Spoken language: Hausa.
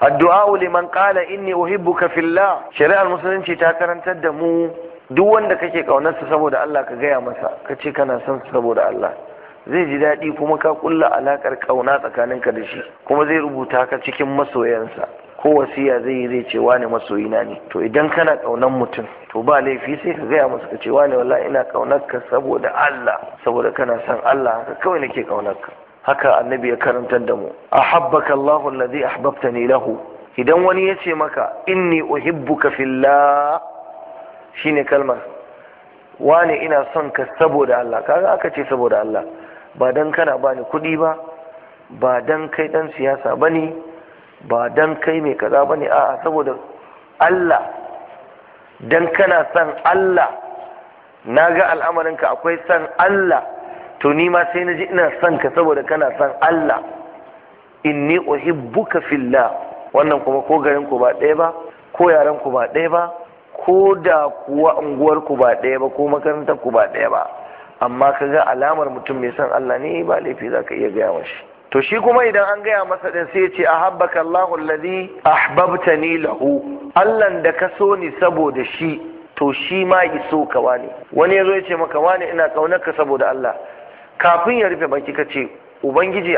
addu'a liman qala inni uhibbuka fillah shari'ar musulunci ta karantar da mu duk wanda kake kaunarsa saboda Allah ka gaya masa ka ce kana son saboda Allah zai ji daɗi kuma ka kulla alakar kauna tsakaninka da shi kuma zai rubuta ka cikin masoyansa ko wasiya zai yi zai ce wane masoyina ne to idan kana kaunar mutum to ba laifi sai ka gaya masa ka ce wane wallahi ina kaunar ka saboda Allah saboda kana son Allah haka kawai nake kaunar ka haka annabi ya karantar da mu ahabbaka Allahu allazi ahbabtani lahu idan wani ya ce maka inni uhibbuka fillah shine kalmar wane ina son ka saboda Allah kaga aka ce saboda Allah ba dan kana bani kuɗi ba ba dan kai dan siyasa bane ba dan kai mai kaza bane a'a saboda Allah dan kana son Allah na ga al'amarinka akwai son Allah to ni ma sai na ji ina son ka saboda kana son Allah inni uhibbuka fillah wannan kuma ko garin ku ba ɗaya ba ko yaran ku ba ɗaya ba ko da kuwa unguwar ku ba ɗaya ba ko makarantar ku ba ɗaya ba amma ka ga alamar mutum mai son Allah ne ba laifi za ka iya gaya mashi to shi kuma idan an gaya masa din sai ce ahabbaka Allahu alladhi ahbabtani lahu Allah da ka so ni saboda shi to shi ma iso ka wani wani yazo ya ce maka wani ina kaunar ka saboda Allah kafin ya rufe baki ka ce ubangiji